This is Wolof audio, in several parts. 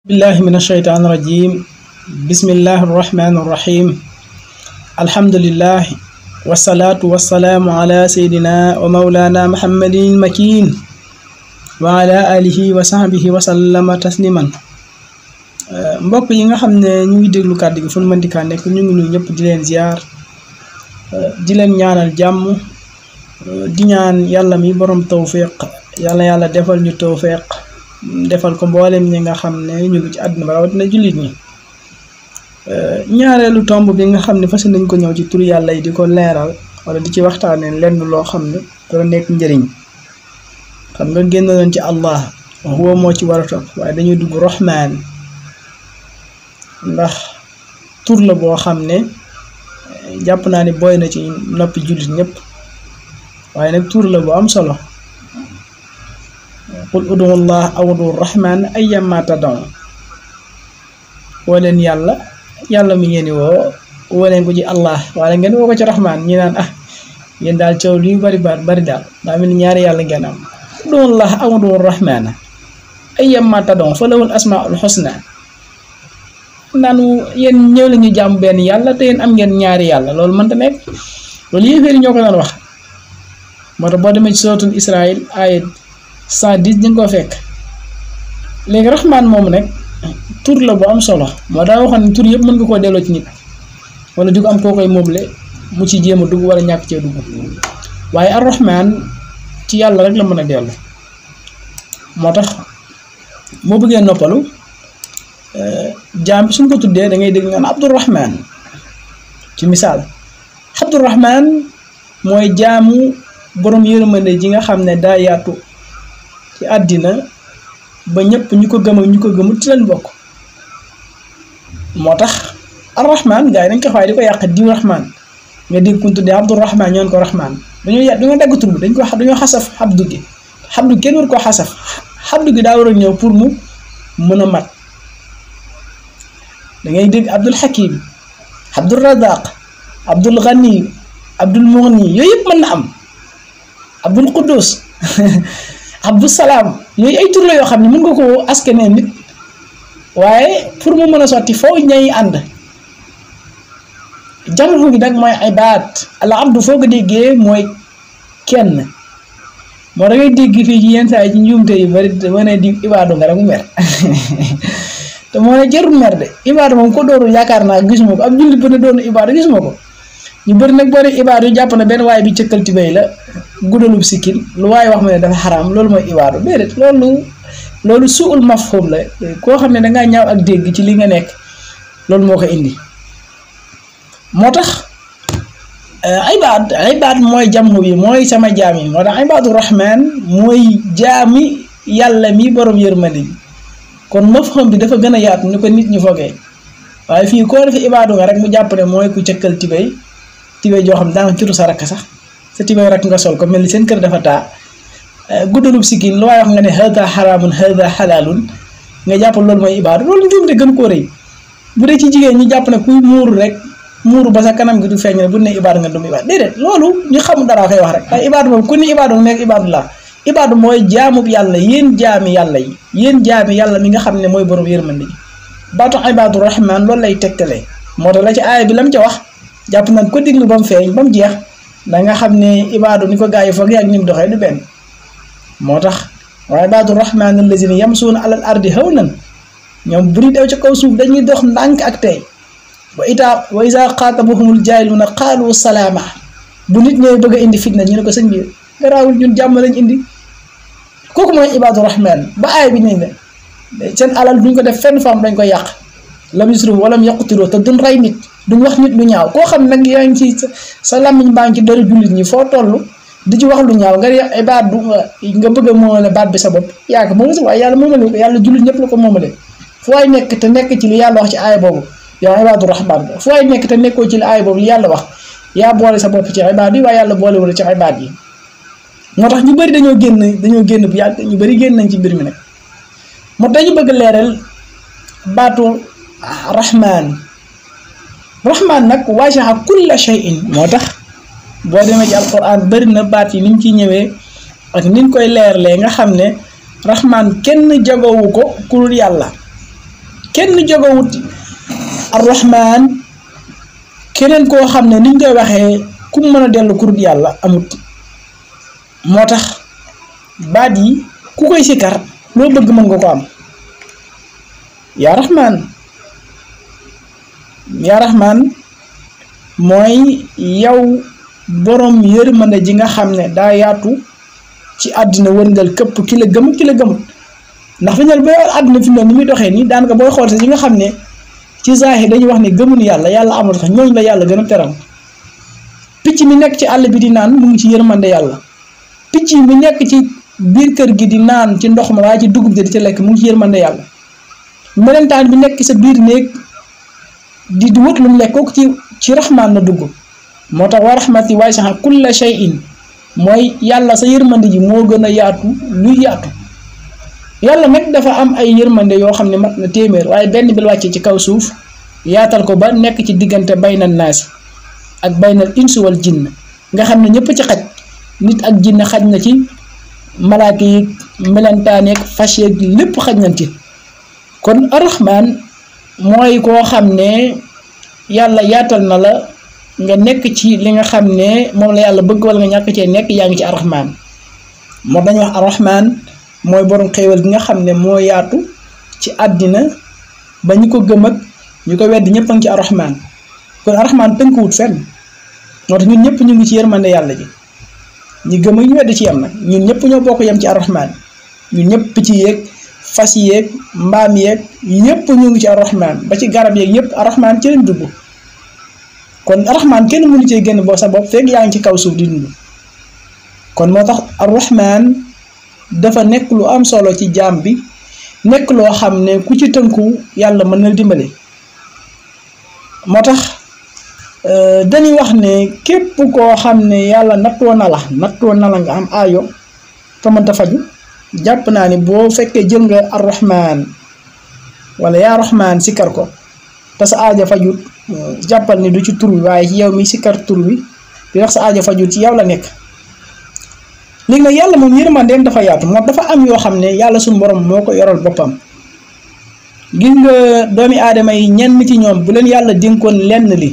billahi min ashaytaan irajim bismillahi irrahmani irrahim alhamdulillah wasalaatu wasalaamu ala seydina wa maulana muhammadin makin wa ala alihi wa sahbihi wa sallama tasliman mbokk yi nga xam ne ñu ngi déglu kàddu gi fu ñu mën di nekk ñu ngi ñëpp di leen ziar di leen ñaanal jàmm di ñaan yàlla mi borom tawfiq yàlla yàlla defal ñu tawfiq defal ko mboolem ñi nga xam ne ñu ngi ci àdduna ba na jullit ñi euh, ñaareelu tomb bi nga xam ne fas nañ ko ñëw ci tur yàlla yi di ko leeral wala di ci waxtaanee lenn loo xam ne dana nekk njëriñ xam nga génn nañ ci allah huwa moo ci war a waaye dañuy dugg roxmaan ndax tur la boo xam ne jàpp naa ne booy na ci noppi jullit ñépp waaye nag tur la bu am solo qul udu allah aw udu rahman ayyama tad'u wolen yalla yalla mi ngeen wo wolen ko ci allah wala ngeen wo ko ci rahman ñi naan ah yeen dal ciow li bari bar bari dal da mel ñaari yalla ngeen am udu allah aw udu rahman ayyama tad'u falawul asmaul husna nanu yeen ñew lañu jamm ben yalla te yeen am ngeen ñaari yalla lool man ta nek lool yefeer ñoko daan wax motax bo demé ci suratul israil ayat 110 ñu ko fekk leg rahman mom nek tur la bu am solo mo da waxone tour yeb mën nga ko delloo ci nit wala diko am ko koy moblé mu ci jéem dug wala ñak ci dug waye ar rahman ci yalla rek la mëna a motax mo tax noppalu euh jamm suñ ko tuddé da ngay dégg nga abdur rahman ci abdur rahman moy jamu borom yërmande ji nga xam da yaatu ci adina ba ñepp ñuko gëm ak ñu ci leen bok motax arrahman gaay nañ ko xoy di ko rahman nga dégg rahman ñoon ko rahman dañu yà ya-, dañoo dagg tur bi dañ ko dañu xassaf Abdul gi xabdu kenn war ko xassaf xabdu gi da war ñew pour mu mëna mat da ngay deg abdul hakim abdul razzaq abdul ghani abdul mughni yoyep man na am abdul quddus abdou salaam yooyu ay tur yoo xam ne mën nga ko askanee nit waaye pour mu mën a sotti foo ñay ànd jamxu ngi nag mooy ibaad al abdu foo ko déggee mooy kenn moo da ngay dégg fii ci yenn saa yi ci njuumte yu bari dama ne di ibaadu nga rek mu mer te moo ne jarul mer de ibaadu moom ko dooru yaakaar naa gisuma ko ab jullit bu ne doon ibaadu gisuma ko ñu bëri nag bari ibaadu jàpp na benn waay bi cëkkal tubéy la guddalub sikkin lu waaye wax ma ne dafa xaraam loolu mooy ibaadu déedéet loolu loolu suul mafhum la xam ne dangaa ñaaw ak dégg ci li nga nekk loolu moo ko indi moo tax eh, ibaad ibaad mooy jamhu bi mooy sama jaam yi moo tax mooy jaami yàlla mi borom yërmande bi kon mafhum bi dafa gën a yaatu ni ko nit ñu foogee waaye fii koo def ibaadu nga rek mu jàpp ne mooy ku cëkkal tubéy tubéy joo xam daanaka turu sa rakk sax sa tubéy rakk nga sol ko mel ni seen kër dafa taa eh, guddalub sikkin lu waaye wax nga ne hada xaraamun hada xalaalun nga jàpp loolu mooy ibaadu loolu njuumte gën koo rëy bu ci jigéen ñi jàpp ne kuy muuru rek muuru ba sa kanam gi du feeñ rek bu ne ibaadu nga dum ibaadu déedéet loolu ñu xamul dara koy wax rek waaye ibaadu moom ku ni ibaadu nekk ibaadu la ibaadu mooy jaamub yàlla yéen yàlla yéen jaami yàlla mi nga xam ne mooy borom yërmande ji baatu ibaadu rahmaan loolu lay tegtalee moo tax la ci aaya bi lam ca wax jàpp nag ko diglu ba mu feeñ ba mu jeex da nga xam ne ibaadu ni ko gaa yi foog ak ni mu doxee du benn moo tax waaye ibaadu rahmaan allazina yamsuuna alal ardi hawnan ñoom bu ñu dew ci kaw suuf dañuy dox ndànk ak tey wa itaa wa iza xaatabahumul jaahiluuna qaalu salaama bu nit ñooy bëgg a indi fitna ñu ne ko sëñ bi garaawul ñun jàmm lañ indi kooku mooy ibaadu rahmaan ba aay bi ñu ne seen alal duñ ko def fenn faam dañ ko yàq lam yusrum walam yaqtulu ta dun ray nit dun wax nit lu ñaaw ko xam nak yaa ngi ci sa lam ñu baang ci dara julit ñi fo tollu di ci wax lu ñaaw nga ay baat du nga bëgg mo moomale baat bi sa bop yaaka mo ngi wax yàlla mo ko yàlla julit ñëpp la ko momale fu waay nekk te nekk ci lu yàlla wax ci aaya boobu yow ibaadu rahman fu waay nekk te nekkoo ci lu aaya boobu lu yàlla wax ya boole sa bop ci ibaad yi waaye boole wala ci ibaad yi motax ñu bari dañu genn dañu genn bu yàgg ñu bari genn nañ ci mbir mi nak mo dañu bëgg leral batul rahmaan rahmaan nag waajaxa kulla shay'in moo tax boo demee ci alquran bëri na baat yi niñ mu ci ñëwee ak ni ñu koy leerlee nga xam ne rahmaan kenn jagowu ko kurul yàlla kenn jagowut arrahmaan keneen koo xam ne niñ koy waxee ku mën a dellu kurul yàlla amut moo tax baat yi ku koy sikar loo bëgg mën nga ko am yaa rahmaan yaa raxmaan mooy yow boroom yërmande ji nga xam ne daa yaatu ci àddina wërngal këpp ki la gëm ki la gëmut ndax fi ñel ba àddina fi mu ni muy doxee nii daanaka booy xool sax nga xam ne ci zaahi dañuy wax ne gëmuñu yàlla yàlla amul sax ñooñu la yàlla gën a teral picc mi nekk ci àll bi di naan mu ngi ci yërmande yàlla picc mi nekk ci biir kër gi di naan ci ndox ma waaye ci dugub ji di ci lekk mu ngi ci yërmande yàlla melentaan bi nekk sa biir néeg di wut lu mu lekk ci ci raxmaan na dugg moo tax wa raxmati waaye sax kulla shay'in mooy yàlla sa yërmande ji moo gën a yaatu luy yaatu yàlla nag dafa am ay yërmande yoo xam ne mat na téeméer waaye benn bi la wàcce ci kaw suuf yaatal ko ba nekk ci diggante baynal naasi ak baynal insi wal jinn nga xam ne ñëpp ci xaj nit ak jinn xaj na ci malaaka yi melantaaneeg fas yeeg lépp xaj nañ ci kon arrahman mooy koo xam ne yàlla yaatal na la nga nekk ci li nga xam ne moom la yàlla bëgg wala nga ñàkk cee nekk yaa ngi ci arrahman moo dañuy wax arrahman mooy borom xéewal gi nga xam ne moo yaatu ci àddina ba ñu ko gëm ak ñu ko wedd ñëpp a ngi ci arrahman kon arrahman tënkuwut fenn moo tax ñun ñëpp ñu ngi ci yërmande yàlla ji ñu gëm ak ñu wedd ci yem nag ñun ñëpp ñoo bokk yem ci arrahman ñun ñëpp ci yéeg fas yeeg mbaam yeeg yépp ñu ngi ci arrahman ba ci garab yeeg yépp arrahman ci lañ dugg kon arrahman kenn mënu cee génn boo sa bopp fekk yaa ngi ci kaw suuf di dund kon moo tax arrahman dafa nekk lu am solo ci jaam bi nekk loo xam ne ku ci tënku yàlla mën na dimbale moo tax euh, dañuy wax ne képp koo xam ne yàlla nattoo na la nattoo na la nga am aayo te faju japp naa ni boo fekkee jël nga arrahman wala yaa rahman sikkar ko te sa aaja fajut jàppal ni du ci tur bi waaye ci yow mi sikkar tur bi di wax sa aaja fajut ci yow la nekk léegi nag yàlla moom yërmandeem dafa yaatu moo dafa am yoo xam ne yàlla suñu borom moo ko yoral boppam gis nga doomi aadama yi ñenn ci ñoom bu leen yàlla dénkoon lenn li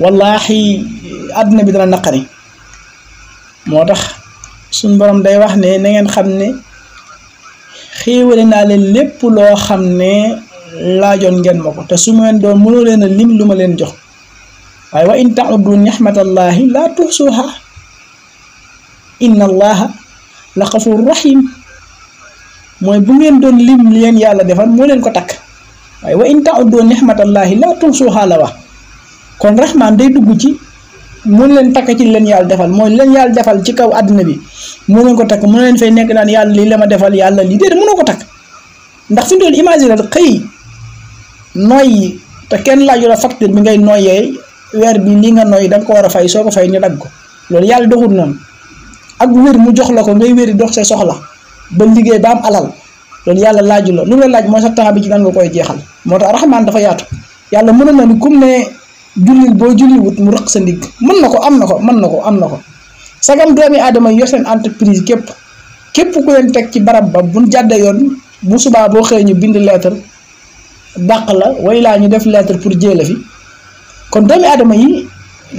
wallaahi bi dana naqari moo sun borom day wax ne na ngeen xamne ne xéewale naa leen lépp loo xam ngeen mako te sumu ngeen do leena lim luma leen jox waaye wa in ta'udun ni'matallahi la tuhsuha inna Allah la ghafur rahim moy bu ngeen don lim leen yalla defal mo leen ko tak waaye wa in ta'udun ni'matallahi la tuhsuha la wa kon rahman day dugg ci mun leen takk ci leen yàlla defal mooy leen yàlla defal ci kaw àddina bi mun leen ko takk mun leen fay nekk naan yàlla ma defal yàlla lii déedéet mënoo ko takk ndax fi image toll imaginer xëy noyyi te kenn laaju la facture bi ngay noyyee weer bi lii nga noyyi da nga ko war a fay soo ko fay ñu dagg ko loolu yàlla doxul noonu ak wér mu jox la ko ngay wéri dox sa soxla ba liggéey ba am alal loolu yàlla laaju la lu la laaj moo sax temps bi ci nan nga koy jeexal moo tax raxmaan dafa yaatu yàlla mënoon na ni kum ne jullil boo julliwut mu rëq sa ndigg mën na ko am na ko mën na ko am na ko sagam doomi aadama yi yor seen entreprise képp képp ku leen teg ci barab ba bu jàdde yoon bu subaa boo xëy ñu bind lettre dàq la way laa ñu def lettre pour jéela fi kon doomi aadama yi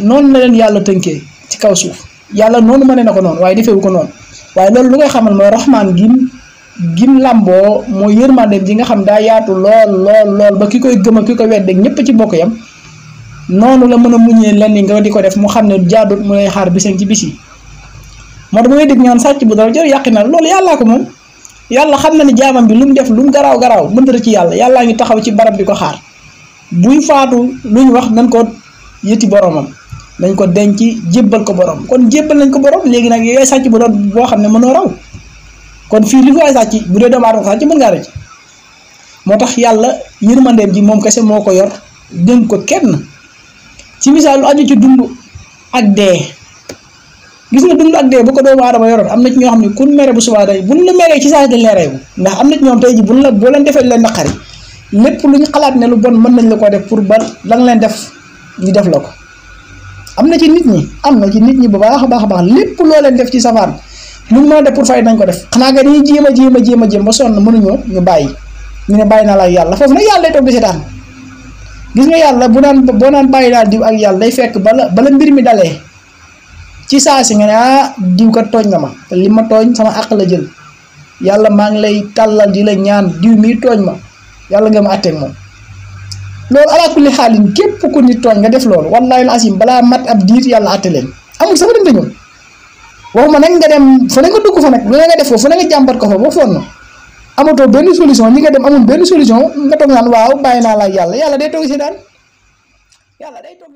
noonu la leen yàlla tënkee ci kaw suuf yàlla noonu mënee na ko noon waaye defewu ko noon waaye loolu lu koy xamal mooy raxmaan gim gi làmboo mooy yërmandeem ji nga xam daa yaatu lool lool lool ba ki koy gëm ak ki koy weddeeg ñépp ci bokk yam nonu la mën a muñee lenn nga diko def mu xam ne jaadut mu lay xaar bisam ci bisi mo do ngay dig ñaan sacc bu dal jor yaqina na loolu yàllaa ko mom yalla xamna ni ne jaamam bi lu mu def lu garaw garaw mën ci yalla yalla ngi taxaw ci barab ko xaar buy faatu luñ wax nañ ko yëti boromam nañ ko denc jébal ko borom kon jébal nañ ko borom léegi nak yoy sacc bu do bo mëno raw kon fi li ko sacc sàcc bu do doomu aadama sàcc mën nga rëcc motax yalla yirmandem ji mom kesse moko yor deng ko kenn ci misaal lu aju ci dund ak dee gis nga dund ak dee bu ko doomu aadama yoroon am na ci ñoo xam ne kun mere bu subaa day buñ la meree ci saa dañ lay reebu ndax am na ci ñoom tey ji buñ la boo leen defee leen naqari lépp lu ñu xalaat ne lu bon mën nañ la ko def pour ba la nga def ñu def la ko am na ci nit ñi am na ci nit ñi bu baax a baax a baax lépp loo leen def ci safaan lu mën a def pour fay nañ ko def xanaa nga dañuy jéem a jéem a jéem a jéem ba sonn mënuñoo ñu bàyyi ñu ne bàyyi naa la yàlla foofu nag yàlla day toog di seetaan gis nga yalla bu nan bo nan bàyyi dal diw ak yalla day fekk bala bala mbir mi dalé ci saa nga na diw ko togn nga ma ya li ma togn sama ak la jël yalla ma ngi lay talal di la ñaan diw mi togn ma yalla nga ma atté mo lool ala kulli halin kep ku nit togn nga def lool wallahi asim bala mat ab diir yalla atté len amul sama dem dañu waxuma nag nga dem fa nga dugg fa nak lu nga def ko fa nga jambar ko fa bo amatoo benn solution ñi nga dem amul benn solution nga toog naan waaw bàyyi naa la yàlla yàlla day toog si daan yàlla day toog